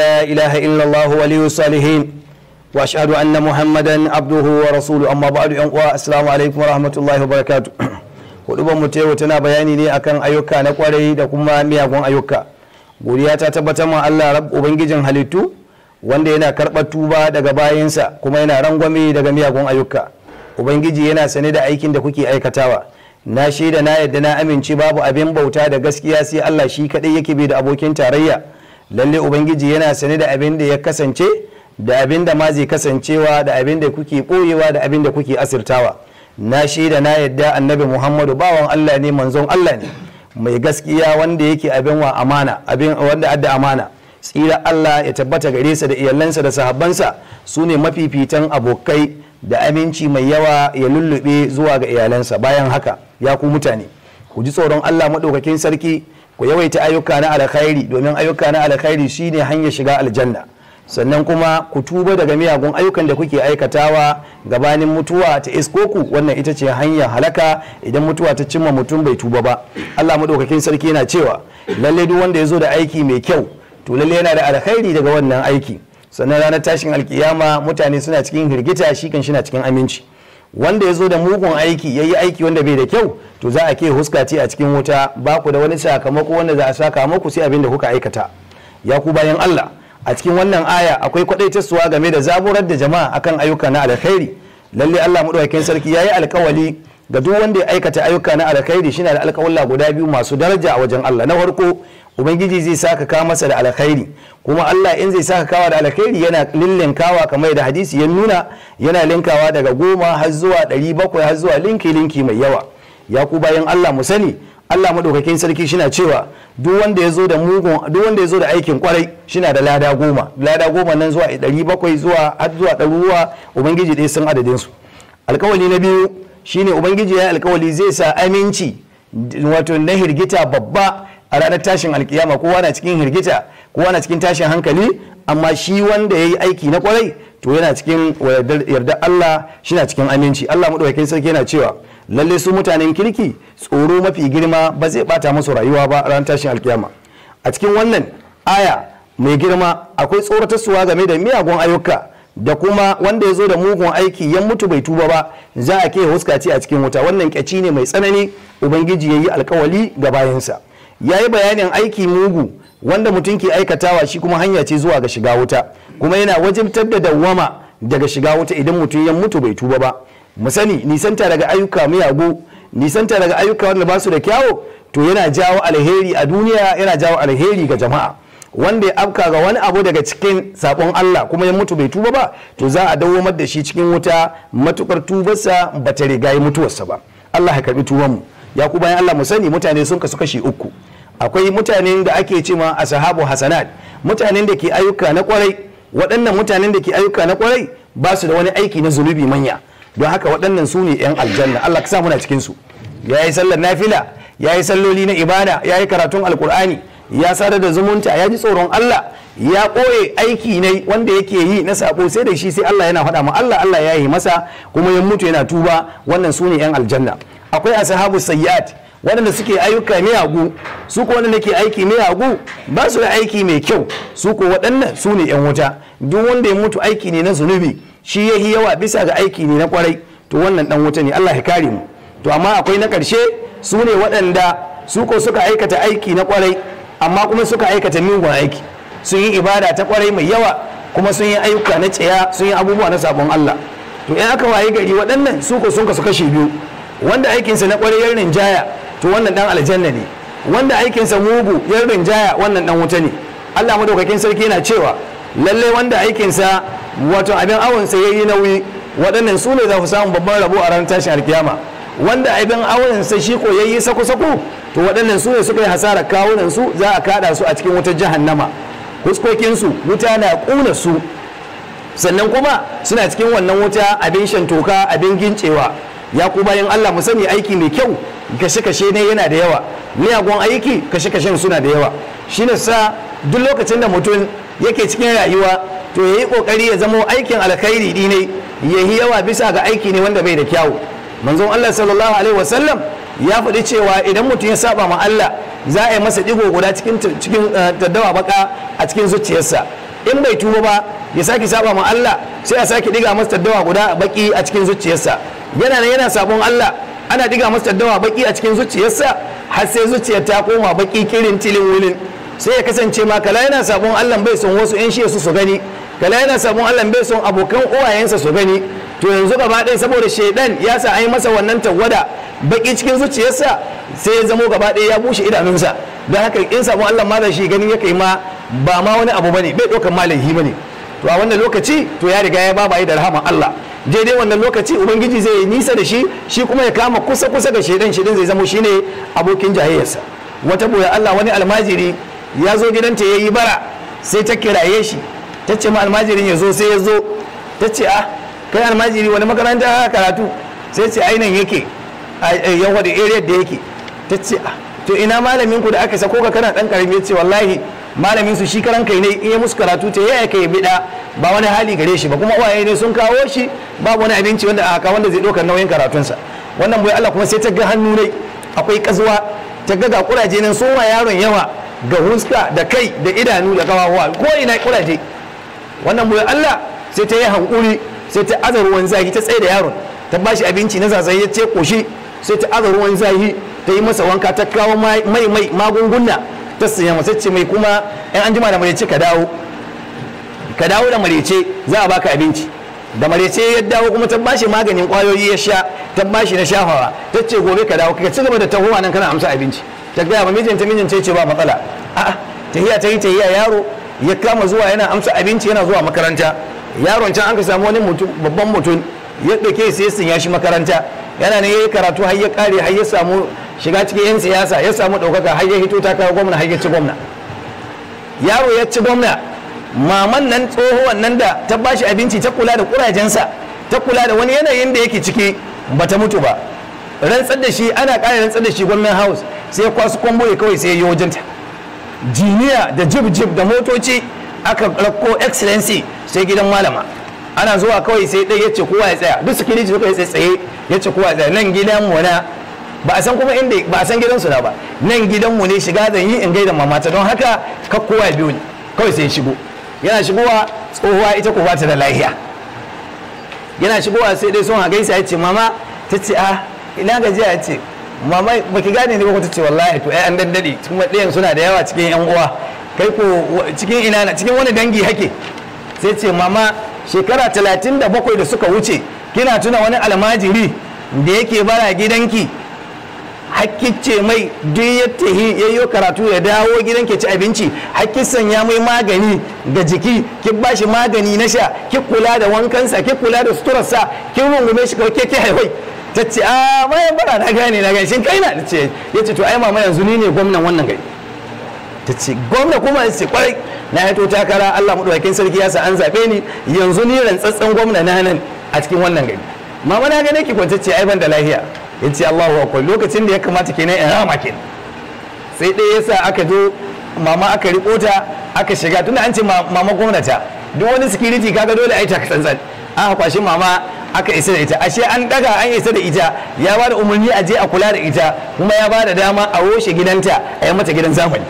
لا إله إلا الله ولي الصالحين وأشهد أن محمدا عبده ورسوله أما بعد السلام عليكم ورحمة الله وبركاته hudubar mu yau tana bayani ne akan ayyuka na kwarai da kuma miyagun ayyuka godiya ta tabbatar ma Allah rab ubangijin halittu wanda yana karɓar tuba daga bayansa kuma yana rangwame daga miyagun ayyuka ubangiji yana sane da aikin da kuke aikatawa na shaida na yadda na amince babu abin bauta da gaskiya sai Allah shi kadai yake bai da abokin tarayya lalle ubangiji yana sane da abin da ya kasance da abin da ma zai kasancewa da abin da kuke ɓoyewa da abin da kuke asirtawa na shaida na yadda annabi muhammadu bawan allah ne manzon allah ne mai gaskiya wanda yake abin wa amana abin wanda adda amana tsira allah ya tabbata gare sa da iyalansa da sahabbansa su ne mafifitan abokai da aminci mai yawa ya lullube zuwa ga iyalansa bayan haka ya ku mutane ku ji tsoron allah maɗaukakin sarki ku yawaita ayyuka na alkhairi domin ayyuka na alkhairi shine hanyar shiga aljanna sannan kuma ku tuba daga miyagun ayyukan da kuke aikatawa gabanin mutuwa ta iskoku wannan ita ce hanyar halaka idan mutuwa ta cimma mutum bai tuba ba Allah madaukakin sarki yana cewa lalle duk wanda ya zo da aiki mai kyau to lalle yana da alkhairi daga wannan aiki sannan ranar tashin alkiyama mutane suna cikin hirgita shi kan shi na cikin aminci wanda ya zo da mugun aiki ya yi aiki wanda bai da kyau to za a ke huska ce a cikin wuta ba ku da wani sakamako wanda za a saka muku sai abin da kuka aikata ya ku bayan Allah a cikin wannan aya akwai kwadaitarsuwa game da zaburar da jama'a akan ayyuka na alkhairi lalle Allah madaukakin sarki yayi alkawali ga duk wanda ya aikata ayyuka na alkhairi shine da alkawalla guda biyu masu daraja a wajen Allah na farko ubangiji zai saka ka masa da alkhairi kuma Allah in zai saka kawa da alkhairi yana kawa kamar da hadisi ya nuna yana linkawa daga goma har zuwa ɗari bakwai har zuwa linki linki mai yawa ya ku bayan Allah mu sani Allah madaukakin sarki na cewa duk wanda ya zo da mugun duk wanda ya zo da aikin kwarai shina da lada goma lada goma nan zuwa ɗari bakwai zuwa har zuwa ɗaruruwa ubangiji dai sun adadin su alkawali na biyu shine ubangiji ya alkawali zai sa aminci wato na hirgita babba a ranar tashin alkiyama kowa na cikin hirgita kowa na cikin tashin hankali amma shi wanda ya yi aiki na kwarai to yana cikin yarda Allah shi na cikin aminci Allah maɗaukakin sarki yana cewa lalle su mutanen kirki tsoro mafi girma ba zai bata musu rayuwa ba ranar tashin alkiyama a cikin wannan aya mai girma akwai tsoratarsuwa game da miyagun ayyuka da kuma wanda ya zo da mugun aiki yan mutu bai tuba ba za a ke huskaci a cikin wuta wannan kyaci ne mai tsanani ubangiji ya yi alkawali ga bayansa ya yi bayanin aiki mugu wanda mutum ke aikatawa shi kuma hanya ce zuwa ga shiga wuta kuma yana wajibtar da dawwama daga shiga wuta idan mutum ya mutu bai tuba ba mu sani nisanta daga ayyuka miyagu nisanta daga ayyuka wanda ba su da kyawo to yana jawo alheri a duniya yana jawo alheri ga jama'a wanda ya afka ga wani abu daga cikin sakon Allah kuma ya mutu bai tuba ba to za a dawo da shi cikin wuta matukar tubarsa ba ta riga mutuwarsa ba Allah ya karbi mu ya ku bayan Allah mu sani mutane sun kasu kashi uku akwai mutanen da ake ce ma ashabu hasanat mutanen da ke ayyuka na kwarai waɗannan mutanen da ke ayyuka na kwarai ba su da wani aiki na zunubi manya don haka waɗannan su ne 'yan aljanna Allah ka sa muna cikin su ya yi sallar nafila ya yi salloli na ibada ya yi karatun alkur'ani ya sadar da zumunta ya ji tsoron Allah ya ɓoye aiki ne wanda yake yi na sabo sai da shi sai Allah yana faɗa ma Allah Allah ya yi masa kuma ya mutu yana tuba wannan su ne 'yan aljanna akwai ashabu sayyati waɗanda suke ayyuka miyagu su ko waɗanda ke aiki miyagu ba su da aiki mai kyau su ko waɗannan su ne 'yan wuta duk wanda ya mutu aiki ne na zunubi shi ya yi yawa bisa ga aiki ne na kwarai to wannan dan wuta ne Allah ya kare mu to amma akwai na karshe su ne waɗanda su ko suka aikata aiki na kwarai amma kuma suka aikata mugun aiki sun yi ibada ta kwarai mai yawa kuma sun yi ayyuka na tsaya sun yi abubuwa na sabon Allah to in aka waye gari waɗannan su ko sun kasu kashe biyu wanda aikinsa na kwarai ya rinjaya to wannan dan aljanna ne wanda aikinsa mugu ya rinjaya wannan dan wuta ne Allah madaukakin sarki yana cewa lallai wanda aikinsa wato abin awonsa ya yi nauyi waɗannan su ne za su samu babban rabo a ranar tashin alkiyama wanda abin awonsa shi ko yayi sako-sako to waɗannan su ne suka yi hasara kawunan su za a kada su a cikin wutar jahannama huskokinsu wuta na ƙuna su sannan kuma suna cikin wannan wuta abin shan toka abin gincewa ya ku bayan Allah mu sani aiki mai kyau kashe-kashe ne yana da yawa miyagun aiki kashe-kashen suna da yawa shine sa duk lokacin da mutum yake cikin rayuwa to ya yi kokari ya zamo aikin alkhairi dinai ya yi yawa bisa ga aiki ne wanda bai da kyau. manzon Allah sallallahu alaihi wasallam ya faɗi cewa idan mutum ya saba ma Allah za a yi masa digo guda cikin cikin taddawa eh, baka a cikin zuciyarsa in bai tuba ba ya sake saba ma Allah sai a sake diga masa taddawa guda baki a cikin zuciyarsa yana nan yana sabon Allah ana diga masa taddawa baki a cikin zuciyarsa har sai zuciyar ta koma baki kirin tilin wilin sai ya kasance ma kala yana sabon Allah bai son wasu yan shi su su gani kala yana sabon Allah bai son abokan uwayensa su gani to yanzu gaba ɗaya saboda shaidan ya sa an yi masa wannan tawada baƙi cikin zuciyarsa sai ya zamo gaba ɗaya ya bushe idanunsa don haka in samu Allah ma shi ganin ya kai ma ba ma wani abu bane bai ɗaukar malahi bane to a wannan lokaci to ya riga ya yi da rahama Allah daidai wannan lokaci ubangiji zai yi nisa da shi shi kuma ya kama kusa kusa da shaidan shaidan zai zamo shi ne abokin jahiyarsa wata boye Allah wani almajiri ya zo gidanta ya yi bara sai ta kiraye shi ta ce ma almajirin ya zo sai ya zo ta ce ah kai almajiri wani makaranta a karatu sai ce ainihin yake a da area da yake ta ce ah, to ina malamin ku da aka sako ka kana dan karami ce wallahi malamin su shi karan kai ne in ya musu karatu ta yaya kai bida ba wani hali gare shi ba kuma uwaye ne sun kawo shi babu wani abinci wanda aka wanda zai ɗaukar nauyin karatunsa wannan bai Allah kuma sai ta ga hannu ne akwai kazuwa ta ga ga kuraje nan soma yaron yawa ga huska da kai da idanu da kawawa ko ina kuraje wannan bai Allah sai ta yi hankuri sai ta aza ruwan zahi ta tsaye da yaron ta bashi abinci na zazaye ya ce koshi sai ta aza ruwan zahi ta yi masa wanka ta kawo mai mai magunguna ta sanya masa ce mai kuma yan an jima da marece ka dawo ka dawo da marece za a baka abinci da marece ya dawo kuma ta bashi maganin kwayoyi ya sha ta bashi na shafawa ta ce gobe ka dawo ka ci gaba da tahowa nan kana amsa abinci ta gaya ba mijinta mijin ce ce ba matsala a'a tahiya ta yi tahiya yaro ya kama zuwa yana amsa abinci yana zuwa makaranta yaron can an ka samu wani mutum babban mutum ya ɗauke sai sun ya shi makaranta yana ne ya karatu har ya kare har ya samu shiga cikin 'yan siyasa ya samu ɗaukaka har ya hito ta kawo gwamna har ya ci gwamna yaro ya ci gwamna maman nan tsohuwan nan da ta bashi abinci ta kula da kurajensa ta kula da wani yanayin da yake ciki bata mutu ba rantsar da shi ana ƙara rantsar da shi gwamnan house sai kwasu kwamboye kawai sai ya yi wajenta jiniya da jibjib da motoci aka rakko excellency sai gidan malama ana zuwa kawai sai ɗaya yace kowa ya tsaya duk security suka yi tsaye yace kowa ya tsaya nan gidan mu na ba a san kuma inda ba a san gidan su na ba nan gidan mu ne shiga zan yi in gaida mamata don haka ka kowa biyo ne kawai sai shigo yana shigowa tsohuwa ita ko bata da lahiya yana shigowa sai dai sun hagaisa ya ce mama ta ce a ah, ina gajiya ya ce mama baki gane ne ba ta ce wallahi to ai an daddade kuma ɗayan suna da yawa cikin yan uwa kai ko cikin ina cikin wani dangi hake sai ce mama shekara talatin da bakwai da suka wuce kina tuna wani almajiri da yake bara gidanki ce mai duk ya tahi ya yi karatu ya dawo gidan ke ci abinci hakkin sanya mai magani ga jiki ki ba shi magani na sha ki kula da wankansa ki kula da suturarsa ki rungume shi kawai ke haihuwai. ta ce ah, a bayan bara na gane na gane shi kai na ce ya ce to ai mama yanzu ni ne gwamnan wannan gari ta ce gwamna kuma ya ce kwarai na yato takara Allah maɗaukakin sarki ya sa an zaɓe ni yanzu ni rantsatsen gwamna na nan a cikin wannan gari mama na ga ki kwantacce ai ban da lafiya ya ce Allahu akwai lokacin da ya kamata kenan in rama kenan sai ɗaya yasa aka zo mama aka riko ta aka shiga tunda an ce mama gwamnata duk wani security kaga dole ai taka tsantsan aka kwashi mama aka isa da ita ashe an daga an isa da ita ya bada da umarni a je a kula da ita kuma ya bada dama a roshe gidanta a yi mata gidan zamani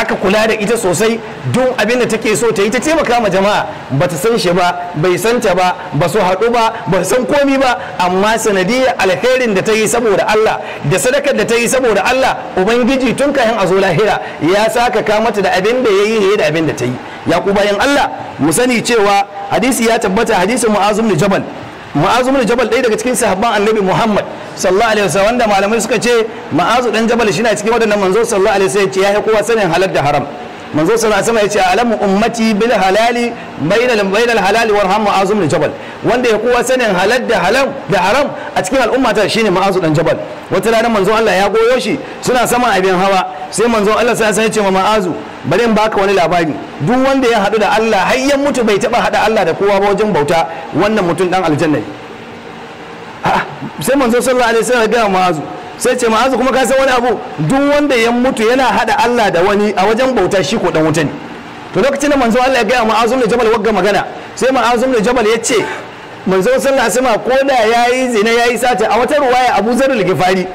aka kula da ita sosai don abin da take so ta yi ta taimaka ma jama'a ba ta san shi ba bai san ta ba ba su haɗu ba ba san komi ba amma sanadiyar alherin da ta yi saboda Allah da sadakar da ta yi saboda Allah ubangiji tun kayan azo lahira ya saka ka mata da abin da ya yi da abin da ta yi ya ku bayan Allah mu sani cewa hadisi ya tabbata hadisin mu'azum ni jabal ma'azu bin jabal ɗaya daga cikin sahabban annabi muhammad sallallahu alaihi wasallam wanda malamai suka ce ma'azu dan jabal shi na cikin wadannan manzo sallallahu alaihi wasallam ya ce ya kowa sanin halar da haram manzo a sama ya yace alamu ummati bil halali bainal bainal halali warham ma'azum jabal wanda ya kowa sanin halal da halal da haram a cikin al'umma ta shine ma'azu dan jabal wata rana manzo Allah ya goyo shi suna sama a abin hawa sai manzo Allah sai sai ce ma ma'azu bari in baka wani labari duk wanda ya hadu da Allah har ya mutu bai taba hada Allah da kowa ba wajen bauta wannan mutum dan aljanna sai manzo sallallahu alaihi wasallam ya ga ma'azu sai ce ma'azu kuma ka san wani abu duk wanda ya mutu yana hada Allah da wani a wajen bauta shi ko dan wuta ne to lokacin da manzo Allah ya gaya ma'azu ne jabal wagga magana sai ma'azu ne jabal ya ce manzo sallallahu alaihi wasallam ko da yayi zina yayi sata a wata ruwaya Abu Zarul Ghifari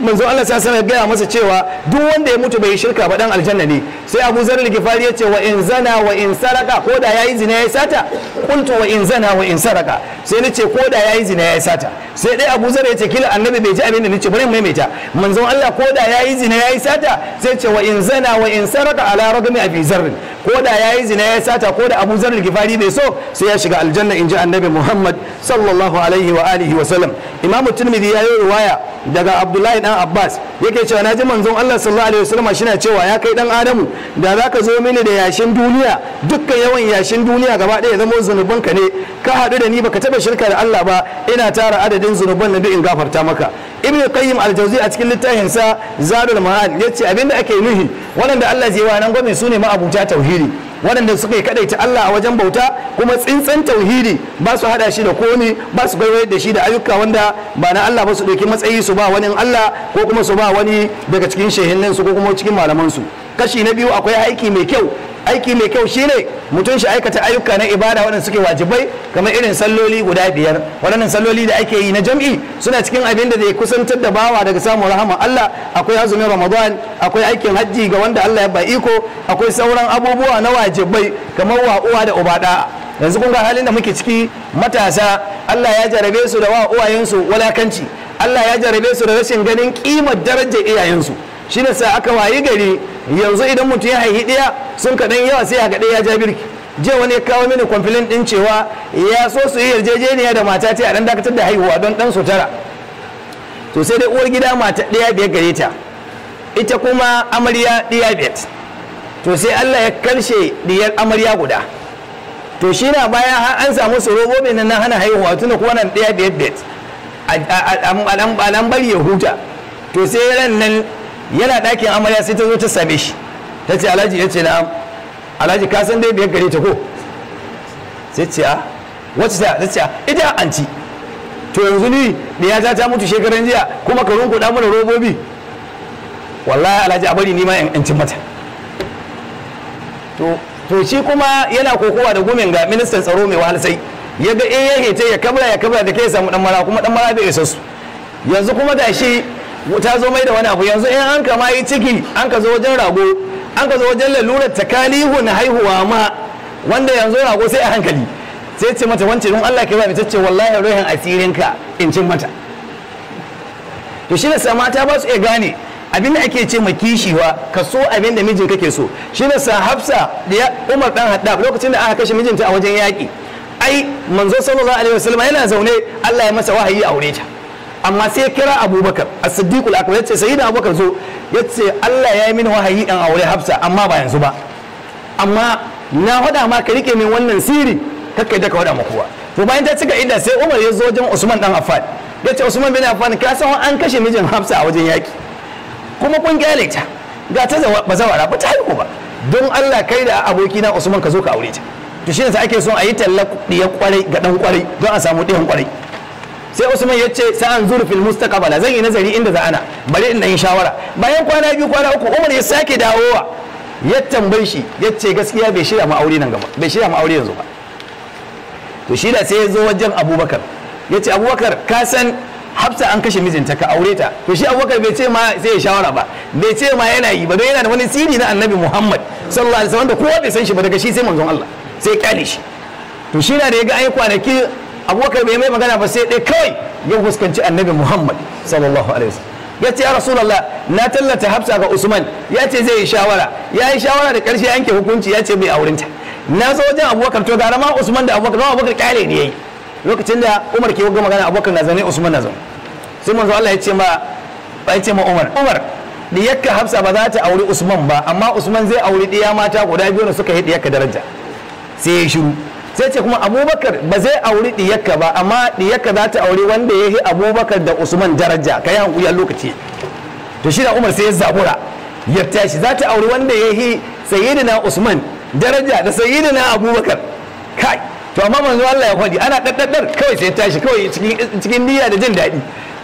manzo Allah sai sanar gaya masa cewa duk wanda ya mutu bai shirka ba dan aljanna ne sai Abu Zar al-Ghifari yace wa in zana wa in saraka ko da yayi zina yayi sata qultu wa in zana wa in saraka sai nace ko da yayi zina yayi sata sai dai Abu Zar yace kila annabi bai ji abin da nace bari mu maimaita manzo Allah ko da yayi zina yayi sata sai ce wa in zana wa in saraka ala ragmi abi zar ko da yayi zina yayi sata ko da Abu Zar al-Ghifari bai so sai ya shiga aljanna inji annabi Muhammad sallallahu alaihi wa alihi wa sallam imamu Tirmidhi ya yi riwaya daga Abdullahi ɗan Abbas yake cewa na ji manzon Allah sallallahu alaihi wasallam shina cewa ya kai ɗan Adamu da za ka zo mini da yashin duniya dukkan yawan yashin duniya gaba ɗaya zama zunubanka ne ka haɗu da ni baka taɓa shirka da Allah ba ina tara adadin zunuban na duk in gafarta maka ibn qayyim al-jawzi a cikin littafin sa zadul ma'ad yace abinda ake nuhi waɗanda Allah zai wa nan gwamnati sune abuja tauhidi waɗanda suka yi kadaita Allah a wajen bauta kuma tsintsin tauhidi ba su hada shi da komi ba su gaiwayar da shi da ayyuka wanda ba na Allah ba su ɗauki matsayi su ba wani Allah ko kuma su ba wani daga cikin shehinnansu ko kuma cikin malamansu kashi na biyu akwai aiki mai kyau aiki mai kyau shine mutum shi aikata ayyuka na ibada waɗanda suke wajibai kamar irin salloli guda biyar waɗannan salloli da ake yi na jam'i suna cikin abin da zai kusantar da bawa daga samun rahama Allah akwai azumin Ramadan akwai aikin hajji ga wanda Allah ya ba iko akwai sauran abubuwa na wajibai kamar wa da uba da yanzu kun ga halin da muke ciki matasa Allah ya jarabe su da wa uwayensu walakanci Allah ya jarabe su da rashin ganin kimar darajar iyayensu shine sa aka wayi gari yanzu idan mutum ya haihi ɗaya sun kaɗan yawa sai haka ɗaya ya ja birki jiya wani ya kawo mini kwamfilin ɗin cewa ya so su yi yarjejeniya da mata ta ɗan dakatar da haihuwa don ɗan su tara to sai dai uwar gida mata ɗaya biyar gare ta ita kuma amarya ɗaya biyar to sai allah ya karshe ɗiyar amarya guda to shi na baya an samu su robobin nan hana haihuwa tuna kuma nan ɗaya biyar biyar a bari ya huta to sai ran nan yana ɗakin amarya sai ta zo ta same shi ta ce alhaji ya ce na'am alhaji ka san dai biyar gare ta ko sai ce a ah, wacce ta ta ce a ah, ita anti to yanzu ni ɗiya ta ta mutu shekaran jiya kuma ka runguɗa mana robobi wallahi alhaji a bari ni ma in cin mata to shi kuma yana kokowa da gumin ga ministan tsaro mai wahal sai ya ga eh ya hete ya kabla ya kabla da kai ya samu dan mara kuma dan mara bai isa su yanzu kuma da shi ta zo mai da wani abu yanzu in an kama yi ciki an ka zo wajen rago an ka zo wajen "Kalihu takalihun haihuwa ma wanda yanzu rago sai a hankali sai ce mata wancan in Allah ka ba ta ce wallahi ruhin asirinka in cin mata to shi da mata ba su iya gane abin da ake ce ma kishiwa ka so abin da mijin kake so shi da sa hafsa da umar dan haddab lokacin da aka kashe mijinta a wajen yaƙi ai manzo sallallahu alaihi wasallam yana zaune Allah ya masa wahayi aure ta amma sai ya kira abubakar a siddiqul akbar sai da abubakar zo yace Allah ya yi mini wahayi in aure hafsa amma ba yanzu ba amma na hada ma ka rike min wannan sirri kai da ka hada ma kowa to bayan ta cika idda sai Umar ya zo wajen Usman dan Affan yace Usman bin Affan ka san an kashe mijin Hafsa a wajen yaki kuma kun kyale ta ga ta bazawara ba ta haihu ba don Allah kai da abokina Usman ka zo ka aure ta to shi ne ake son a yi talla ya kwarai ga ɗan kwarai don a samu ɗiyan kwarai sai usman ya ce sai an zuru fil mustaqbala zan yi nazari inda za'ana bari in yi shawara bayan kwana biyu kwana uku umar ya sake dawowa ya tambayi shi ya ce gaskiya bai shirya mu aure nan gaba bai shirya mu aure yanzu ba to shi da sai ya zo wajen abubakar ya ce abubakar ka san hafsa an kashe mijinta ka aure ta to shi abubakar bai ce ma sai ya shawara ba bai ce ma yana yi ba don yana da wani sirri na annabi muhammad sallallahu alaihi wasallam da kowa bai san shi ba daga shi sai manzon allah sai kyale shi to shi na da ya ga ai kwanaki abubakar bai mai magana ba sai dai kawai ya fuskanci annabi muhammad sallallahu alaihi wasallam ya ce ya rasulallah na tallata hafsa ga usman ya ce zai yi shawara ya yi shawara da karshe yanke hukunci ya ce bai aurinta na zo wajen abubakar to gara ma usman da abubakar ma abubakar kyale ne yayi lokacin da umar ke ga magana abubakar na zane usman na zo sai manzo Allah ya ce ma ya ce ma umar umar diyakka hafsa ba za ta auri usman ba amma usman zai auri diya mata guda biyu da suka yi diyakka daraja sai ya shiru sai ce kuma abubakar ba zai auri diyakka ba amma diyakka za ta auri wanda ya yi abubakar da usman daraja ka yi hankuyar lokaci to shi da umar sai ya zabura ya tashi za ta auri wanda ya yi sayyidina usman daraja da sayyidina abubakar kai to amma manzo Allah ya faɗi ana daddadar kawai sai tashi kawai cikin niyya da jin daɗi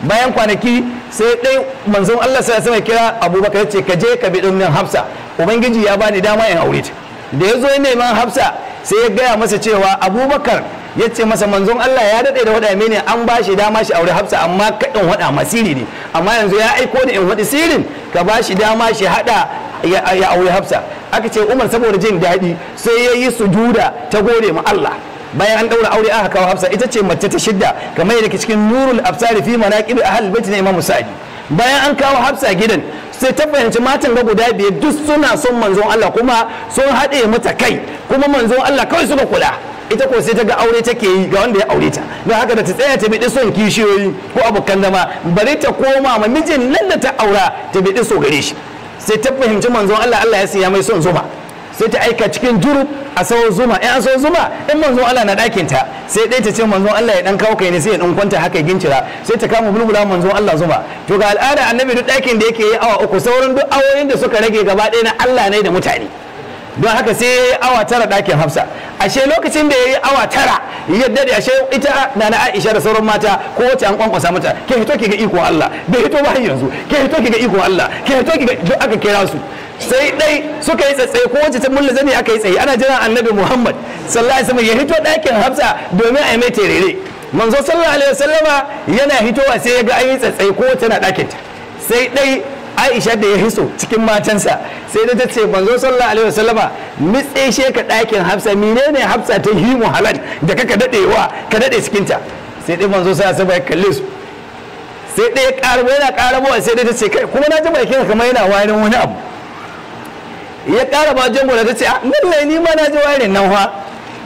bayan kwanaki sai dai manzon Allah sai ya kira abubakar ya ce ka je ka bi ɗin hafsa ubangiji ya bani dama in aure ta da ya zo ya neman hafsa sai ya gaya masa cewa abubakar ya ce masa manzon Allah ya daɗe da waɗa ne an ba shi dama shi aure hafsa amma kaɗan waɗa masiri ne amma yanzu ya aiko da in waɗi sirin ka ba shi dama shi haɗa ya aure hafsa aka ce umar saboda jin daɗi sai ya yi sujuda ta gode ma Allah bayan an ɗaura aure aka kawo hafsa ita ce mace ta shidda kamar yadda cikin nurul absari fi manaqib ahlul bait ne ma sa'id bayan an kawo hafsa gidan sai ta fahimci matan ga guda biyar duk suna son manzon Allah kuma sun haɗe mata kai kuma manzon Allah kawai suka kula ita ko sai ta ga aure take yi ga wanda ya aure ta don haka da ta tsaya ta bi son kishiyoyi ko abokan zama bari ta koma ma mijin nan da ta aura ta bi so gare shi sai ta fahimci manzon Allah Allah ya siya mai son zuba sai ta aika cikin jurub a sawo zuma in an sawo zuma in manzon Allah na ɗakin ta sai ɗaya ta ce manzon Allah ya dan kawo kai ne sai ya dan kwanta haka gincira sai ta kama bulbula manzon Allah zuma to ga al'ada annabi duk ɗakin da yake yi awa uku sauran duk awoyin da suka rage gaba ɗaya na Allah ne da mutane don haka sai ya yi awa tara ɗakin hafsa ashe lokacin da ya yi awa tara yadda da ashe ita na na aisha da sauran mata ko wace an kwankwasa mata ke hito ki ga iko Allah bai hito ba yanzu ke hito ki ga iko Allah ke hito ki ga aka kira su sai dai suka yi tsaye ko wacce ta mulla zani aka yi tsaye ana jiran annabi muhammad sallallahu alaihi wasallam ya hito ɗakin hafsa domin a yi mai terere manzo sallallahu alaihi wasallama yana hitowa sai ya ga an yi tsaye ko wacce na ɗakin ta sai dai aisha da ya hiso cikin matansa sai da ta ce manzo sallallahu alaihi wasallama mitse she ka ɗakin hafsa menene hafsa ta yi muhammad da kaka dadewa ka dade cikin ta sai dai manzo sallallahu alaihi wasallama ya kalle su sai dai ya karbo yana karbo sai dai ta ce kai kuma na ji bakin kamar yana warin wani abu ya ƙara ba jango da ta ce a? Ah, lallai ni ma na ji wayarin nan fa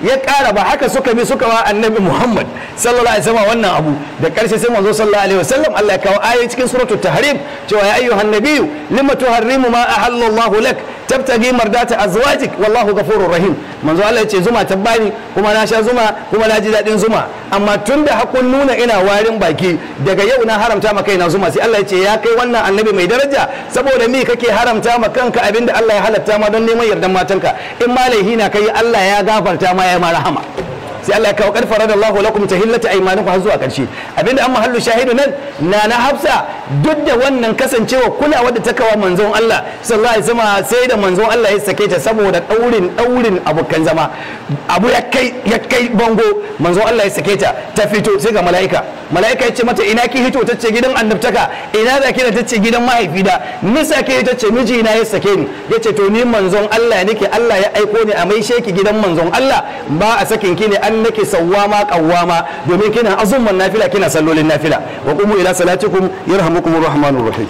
ya ƙara ba haka suka bi suka wa annabi Muhammad sallallahu alaihi wasallam wannan abu da ƙarshe sai manzo sallallahu alaihi wasallam Allah ya kawo ayoyi cikin suratul tahrim cewa ya ayyuhan nabiyyu Limatu tuharrimu ma ahallallahu lak tabtagi mardata azwajik wallahu ghafurur rahim manzo Allah yace zuma ta bani kuma na sha zuma kuma na ji dadin zuma amma tunda hakun nuna ina warin baki daga yau na haramta maka kaina zuma sai Allah yace ya kai wannan annabi mai daraja saboda me kake haramta ma kanka abinda Allah ya halatta ma don neman yardan matanka in ma laihi na kai Allah ya gafarta ma ya ma rahama sai Allah ya kawo karfara da lakum tahillata aymanukum har zuwa karshe abinda an mahallu shahidu nan na na hafsa duk da wannan kasancewa kulawa da takawa manzon Allah sallallahu alaihi wasallam sai da manzon Allah ya sake ta saboda daurin daurin abokan zama abu ya kai ya kai bango manzon Allah ya sake ta ta fito sai ga mala'ika mala'ika ya ce mata ina ki hito tace gidan annabtaka ina da na tace gidan mahaifi da ni sake ta ce miji na ya sake ni yace to ni manzon Allah nake Allah ya aiko ni a mai sheki gidan manzon Allah ba a sakin ki ne an nake sawwama qawwama domin kina azumman nafila kina sallolin nafila wa qumu ila salatikum yarhamu ربكم الرحمن الرحيم